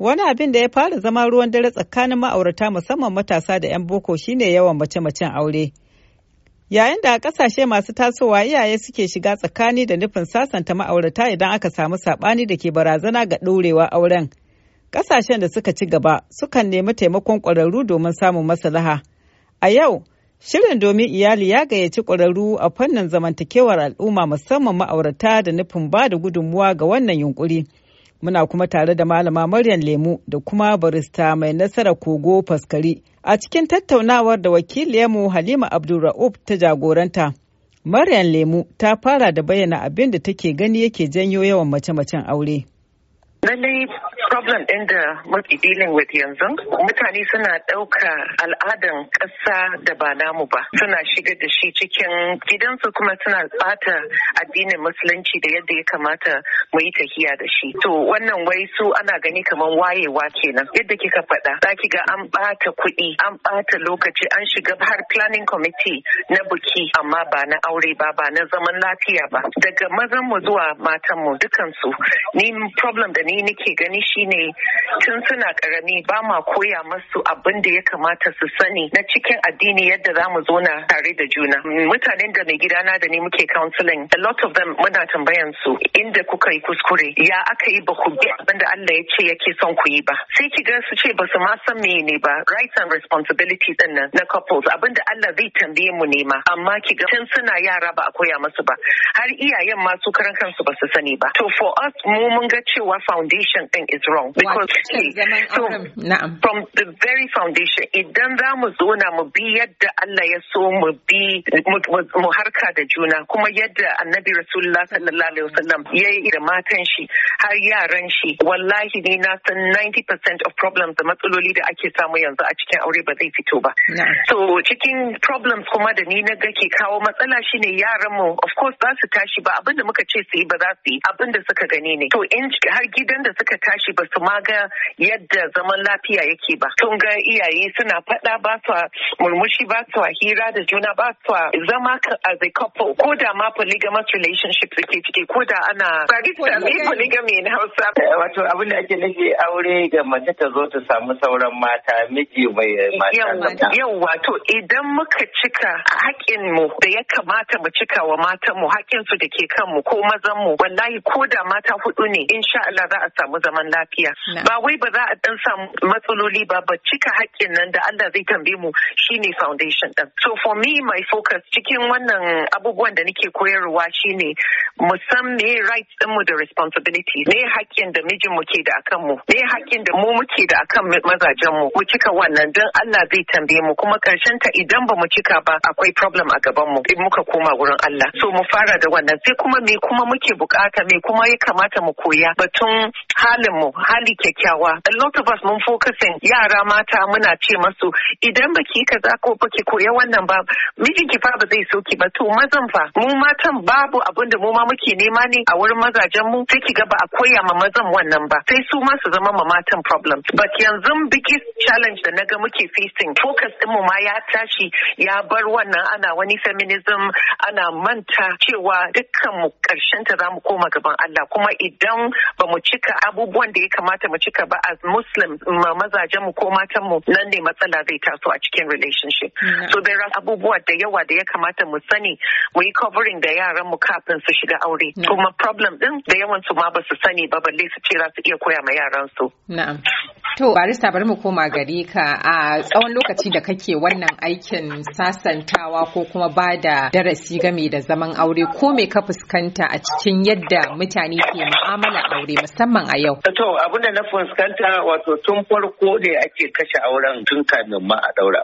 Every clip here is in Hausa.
Wani abin da ya fara zama ruwan dare tsakanin ma'aurata musamman matasa da 'yan boko shine yawan mace-macen aure. Yayin da a ƙasashe masu tasowa iyaye suke shiga tsakani da nufin sasanta ma'aurata idan aka samu saɓani da ke barazana ga ɗorewa auren. Ƙasashen da suka ci gaba sukan nemi taimakon ƙwararru domin samun maslaha. A yau, shirin domin iyali ya gayyaci ƙwararru a fannin zamantakewar al'umma musamman ma'aurata da nufin ba da gudunmuwa ga wannan yunƙuri. Muna kuma tare da Malama Maryam Lemu da kuma barista mai nasara kogo faskari a cikin tattaunawar da wakiliyarmu Halima Abdulra'uf ta jagoranta. Maryam Lemu ta fara da bayyana abin da take gani yake janyo yawan mace-macen aure. Lallai problem ɗin da muke dealing with yanzu mutane suna ɗauka al'adan ƙasa da ba namu ba suna shiga da shi cikin gidansu kuma suna ɓata addinin musulunci da yadda ya kamata mu yi tahiya da shi. To wannan wai su ana gani kamar wayewa kenan yadda kika faɗa za ki ga an ɓata kuɗi an ɓata lokaci an shiga har planning committee na buki amma ba na aure ba ba na zaman lafiya ba daga mazan mu zuwa matan mu dukansu ni problem da ni nake gani shine tun suna karami ba ma koya masu abin da ya kamata su sani na cikin addini yadda za mu zauna tare da juna mutanen da mai gidana da ni muke counseling a lot of them muna tambayan su inda kuka yi kuskure ya aka yi ba ku bi abin da Allah ya ce yake son ku yi ba sai ki ga su ce ba su ma san ne ba rights and responsibilities din nan na couples abin da Allah zai tambaye mu ne ma amma ki ga tun suna yara ba a koya masu ba har iyayen ma su karan kansu ba su sani ba to for us mu mun ga cewa foundation thing is wrong because so from the very foundation idan za mu zona mu bi yadda Allah ya so mu bi mu harka da juna kuma yadda annabi rasulullah sallallahu alaihi wasallam ya yi da matan shi har yaran shi wallahi ni na san 90% of problems da matsaloli da ake samu yanzu a cikin aure ba zai fito ba so cikin problems kuma da ni na ga ke kawo matsala shine yaran mu of course za su tashi ba abinda muka ce su yi ba za su yi abinda suka gani ne to in har gida gidan da suka tashi ba su ma ga yadda zaman lafiya yake ba tun ga iyaye suna faɗa ba su murmushi ba su hira da juna ba su zama as a couple ko da ma polygamous relationship suke ciki ko da ana barista polygamy in Hausa wato abin da ake nufi aure ga mace ta zo ta samu sauran mata miji mai mata Yau wato idan muka cika haƙƙin mu da ya kamata mu cika wa matan mu haƙƙin su da ke kan mu ko mazan mu wallahi ko da mata hudu ne insha Allah za a samu zaman lafiya ba wai ba za a dan samu matsaloli ba ba cika haƙƙin nan da Allah zai tambi mu shine foundation ɗin. so for me my focus cikin wannan abubuwan da nake koyarwa shine mu san me rights din mu da responsibility me haƙƙin da mijin mu ke da akan mu me haƙƙin da mu muke da akan mazajen mu mu cika wannan dan Allah zai tambaye mu kuma karshen ta idan ba mu cika ba akwai problem a gaban mu in muka koma wurin Allah so mu fara da wannan sai kuma me kuma muke bukata me kuma ya kamata mu koya batun halin mu hali kyakkyawa a lot of us mun focusing yara mata muna ce masu idan baki kaza ko baki koya wannan ba mijinki fa ba zai soki ba to mazan fa mu matan babu abin da mu ma muke nema ne a wurin mazajen mu sai ki ga ba a koya ma mazan wannan ba sai su ma su zama ma matan problem but yanzu biggest challenge da naga muke facing focus din mu ma ya tashi ya bar wannan ana wani feminism ana manta cewa dukkan mu karshen ta zamu koma gaban Allah kuma idan ba mu ci cika abubuwan da ya kamata mu cika ba as muslims mazajen mu ko matan mu nan ne matsala zai taso a cikin relationship mm-hmm. so there are abubuwa da yawa da ya kamata mu sani mu yi covering da yaran mu kafin su shiga aure mm-hmm. kuma problem din da yawan su ma ba su sani ba balle su ce za su iya koya ma yaran su To barista bari mu koma gare ka a tsawon lokaci da kake wannan aikin sasantawa ko kuma ba da darasi game da zaman aure ko me ka fuskanta a cikin yadda mutane ke mu'amala aure musamman musamman a yau? To abin da na fuskanta wato tun farko ne ake kashe auren tun kamin ma a daura.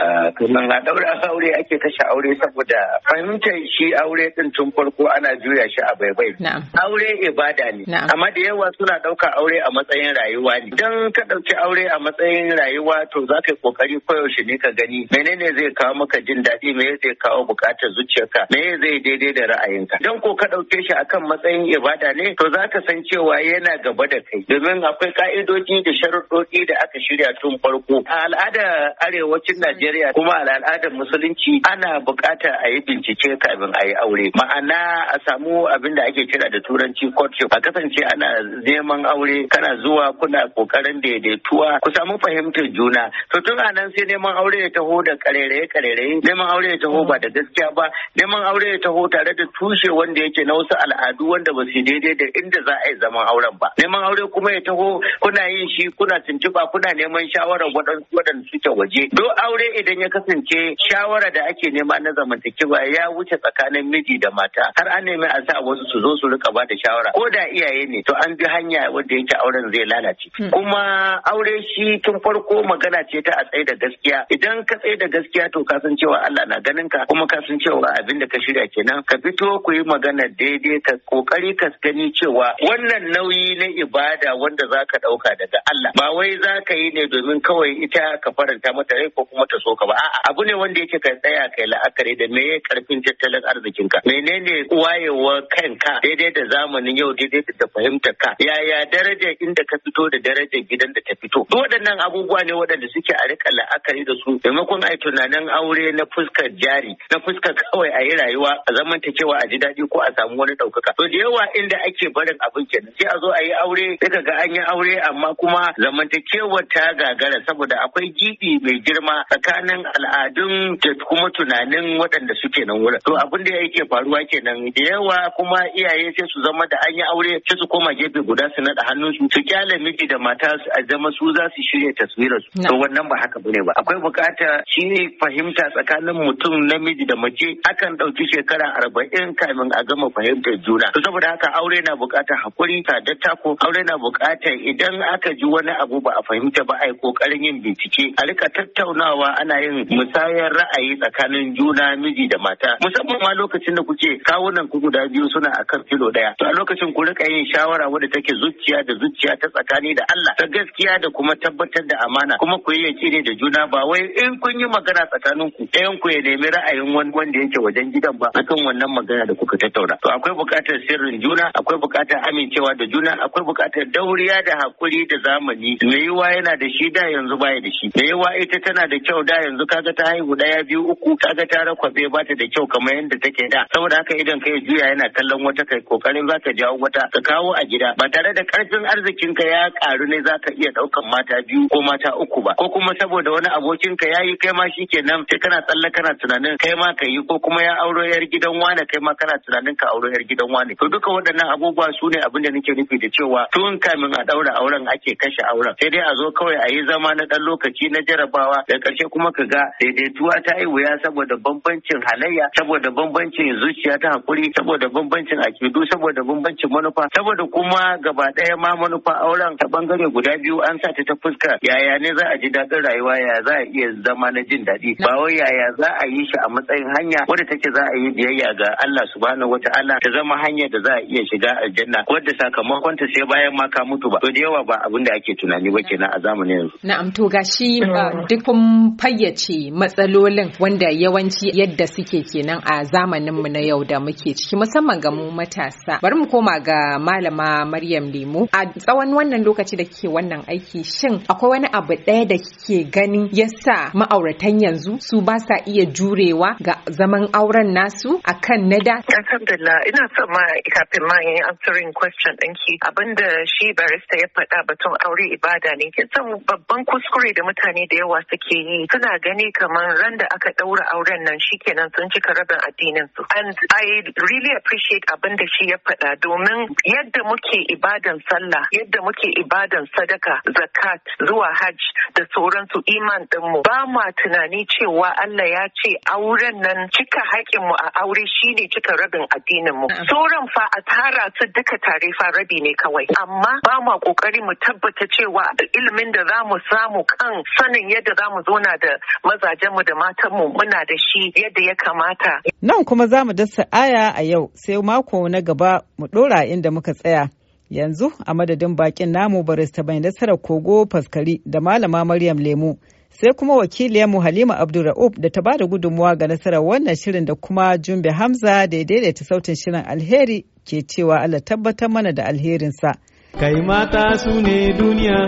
Ah, Kuma a daura aure ake kashe aure saboda fahimtar shi aure din tun farko ana juya shi a baibai. Aure ibada ne. Amma da yawa suna ɗauka aure a matsayin rayuwa ne. Idan ka ɗauki aure a matsayin rayuwa to za ka yi kokari koyaushe ne ka gani menene zai kawo maka jin daɗi me zai kawo buƙatar zuciyarka me zai daidai da ra'ayinka. Idan ko ka ɗauke shi akan matsayin ibada ne to za ka san cewa ya yana gaba da kai domin akwai ka'idoji da sharuɗoɗi da aka shirya tun farko a al'ada arewacin Najeriya kuma a al'adar musulunci ana bukata a yi bincike kafin a yi aure ma'ana a samu abin da ake kira da turanci courtship a kasance ana neman aure kana zuwa kuna kokarin daidaituwa ku samu fahimtar juna to tun a nan sai neman aure ya taho da karere karere neman aure ya taho ba da gaskiya ba neman aure ya taho tare da tushe wanda yake na wasu al'adu wanda ba su daidai da inda za a yi zaman aure auren ba neman aure kuma ya taho kuna yin shi kuna tuntuɓa kuna neman shawarar waɗansu waɗanda suke waje do aure idan ya kasance shawara da ake nema na zamantakewa ya wuce tsakanin miji da mata har an nemi a sa wasu su zo su rika ba da shawara ko da iyaye ne to an bi hanya wanda yake auren zai lalace hmm. kuma aure shi tun farko magana ce ta a tsaye da gaskiya idan ka tsaye da gaskiya to ka san cewa Allah na ganin ka kuma ka san cewa abin da ka shirya kenan ka fito ku yi magana daidai ka kokari ka gani cewa wannan nauyi nauyi na ibada wanda za ka ɗauka daga Allah ba wai za ka yi ne domin kawai ita ka faranta mata rai ko kuma ta so ka ba a'a abu ne wanda yake ka tsaya kai la'akari da me karfin tattalin arzikin ka menene wayewar kanka daidai da zamanin yau daidai da fahimtar ka yaya darajar inda ka fito da darajar gidan da ta fito duk waɗannan abubuwa ne waɗanda suke a rika la'akari da su maimakon a tunanin aure na fuskar jari na fuskar kawai a yi rayuwa a zamantakewa a ji daɗi ko a samu wani ɗaukaka to da yawa inda ake barin abin kenan sai a zo a yi aure sai ka ga an yi aure amma kuma zamantakewar ta gagara saboda akwai gidi mai girma tsakanin al'adun da kuma tunanin waɗanda suke nan wurin to abin da yake faruwa kenan da yawa kuma iyaye sai su zama da an yi aure sai su koma gefe guda su naɗa hannunsu su kyale miji da mata a zama su za su shirya taswirar su to wannan ba haka bane ba akwai bukata shi ne fahimta tsakanin mutum namiji da mace akan ɗauki shekara arba'in kamin a gama fahimtar juna to saboda haka aure na bukatar hakuri da tako aure na bukatar idan aka ji wani abu ba a fahimta ba a yi kokarin yin bincike a rika tattaunawa ana yin musayar ra'ayi tsakanin juna miji da mata musamman ma lokacin da kuke kawunan ku guda biyu suna akan filo daya to a lokacin ku rika yin shawara wadda take zuciya da zuciya ta tsakani da Allah ta gaskiya da kuma tabbatar da amana kuma ku yi yakini da juna ba wai in kun yi magana tsakanin ku ɗayan ku ya nemi ra'ayin wani wanda yake wajen gidan ba akan wannan magana da kuka tattauna to akwai buƙatar sirrin juna akwai buƙatar amincewa da juna akwai buƙatar dauriya da hakuri da zamani me yiwa yana da shi da yanzu baya da shi me yiwa ita tana da kyau da yanzu kaga ta haihu ɗaya biyu uku kaga ta rakwabe ba ta da kyau kamar yadda take da saboda haka idan kai juya yana kallon wata kai kokarin zaka jawo wata ka kawo a gida ba tare da karfin arzikin ka ya karu ne zaka iya daukan mata biyu ko mata uku ba ko kuma saboda wani abokin ka yayi kai ma shi kenan sai kana tsalle kana tunanin kai ma ka yi ko kuma ya auro yar gidan wane kai ma kana tunanin ka auro yar gidan wane to duka waɗannan abubuwa su ne abin da nake nufi da cewa tun kamin a ɗaura auren ake kashe auren sai dai a zo kawai a yi zama na ɗan lokaci na jarabawa da ƙarshe kuma ka ga daidaituwa ta yi wuya saboda bambancin halayya saboda bambancin zuciya ta hakuri saboda bambancin akidu saboda bambancin manufa saboda kuma gaba ɗaya ma manufa auren ta bangare guda biyu an sa ta ta fuska yaya ne za a ji daɗin rayuwa yaya za a iya zama na jin daɗi ba wai yaya za a yi shi a matsayin hanya wadda take za a yi biyayya ga Allah subhanahu wataala ta zama hanya da za a iya shiga aljanna wadda sakamakon ta sai bayan ma ka mutu ba to da yawa ba abin da ake tunani ba kenan a zamanin yanzu na'am to gashi uh, duk kun fayyace matsalolin wanda yawanci yadda suke kenan a zamanin mu na yau da muke ciki musamman ga mu matasa bari mu koma ga malama Maryam Lemu a tsawon wannan lokaci da kike wannan aiki shin akwai wani abu ɗaya da kike gani yasa ma'auratan yanzu su ba sa iya jurewa ga zaman auren nasu akan na da alhamdulillah ina son ma kafin ma in answering question ɗinki abinda shi barista ya faɗa batun aure ibada ne kin san babban kuskure da mutane da yawa suke yi suna gani kamar ran da aka ɗaura auren nan shikenan sun cika rabin addininsu. su and i really appreciate abin da shi ya faɗa domin yadda muke ibadan sallah yadda muke ibadan sadaka zakat zuwa hajj da sauransu iman ba ma tunani cewa Allah ya ce auren nan cika haƙƙinmu a aure shine cika rabin addininmu. Sauran fa a tara su duka tare fa rabi ne kawai. Amma ba ma ƙoƙari mu tabbata cewa ilimin da za mu samu kan sanin yadda za mu zauna da mazajenmu da matanmu muna da shi yadda ya kamata. Nan kuma za mu dasa aya a yau sai mako na gaba mu ɗora inda muka tsaya. Yanzu a madadin bakin namu barista bai nasarar kogo faskari da malama Maryam Lemu. sai kuma wakiliyarmu Halima Abdulra'ub da ta bada gudunmuwa ga nasarar wannan shirin da kuma Jumbe Hamza da ya daidaita sautin shirin alheri ke cewa Allah tabbatar mana da alherinsa. Kai mata su ne duniya,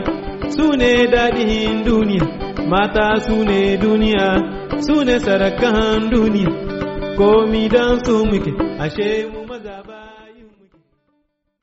su ne daɗin duniya, mata su ne duniya, su ne sarakan duniya, komi don su muke, ashe mu maza ba.